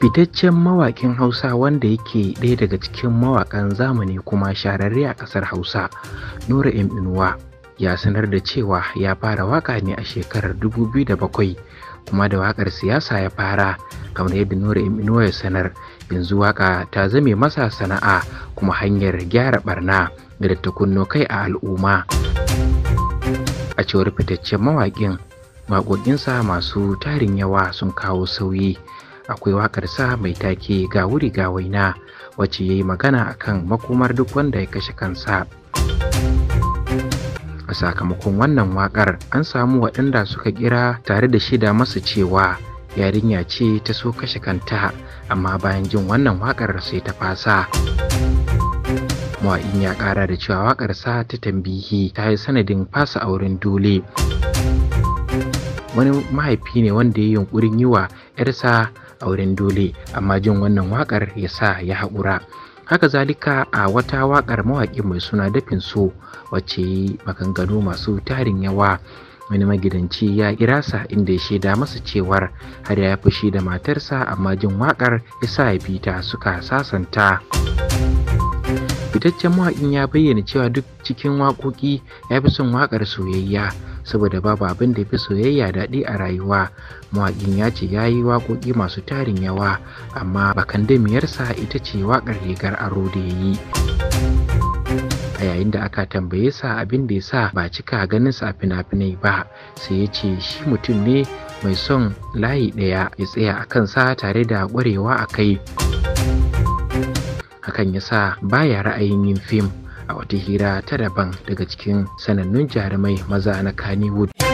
fitaccen mawaƙin hausa wanda yake ɗaya daga cikin mawaƙan zamani kuma shararre a ƙasar hausa nura m inuwa ya sanar da cewa ya fara waƙa ne a shekarar 2007 kuma da waƙar siyasa ya fara kamar yadda nura m inuwa ya sanar yanzu waƙa ta zame masa sana'a kuma hanyar gyara barna da ta kunno kai a al'umma a cewar fitaccen mawaƙin waƙoƙinsa masu tarin yawa sun kawo sauyi akwai waƙarsa mai take ga wuri ga waina wacce ya yi magana akan makomar duk wanda ya kashe kansa a sakamakon wannan waƙar an samu waɗanda suka kira tare da shida masu cewa yarinya ce ta so kashe kanta amma bayan jin wannan waƙar sai ta fasa mawaƙin ya ƙara da cewa waƙarsa ta tambihi ta yi sanadin fasa auren dole wani mahaifi ne wanda ya yi yunƙurin yi wa 'yarsa auren dole amma jin wannan waƙar ya sa ya haƙura haka zalika a wata waƙar mawaƙi mai suna dafin so wacce maganganu masu tarin yawa wani magidanci ya kirasa inda ya shaida masa cewar har ya fushi da matarsa amma jin waƙar ya sa ya fita suka sasanta fitaccen mawaƙin ya bayyana cewa duk cikin waƙoƙi ya fi son waƙar soyayya saboda babu abin da fi soyayya daɗi a rayuwa mawaƙin ya ce ya yi waƙoƙi masu tarin yawa amma bakan damiyarsa ita ce waƙar rigar aro da ya yi a yayin da aka tambaye sa abin da ya sa ba cika ganin sa fina-finai ba sai ya ce shi mutum ne mai son layi ɗaya ya tsaya a kansa tare da ƙwarewa a kai hakan ya sa baya ra'ayin yin fim a wata hira ta daban daga cikin sanannun jarumai maza na Kannywood.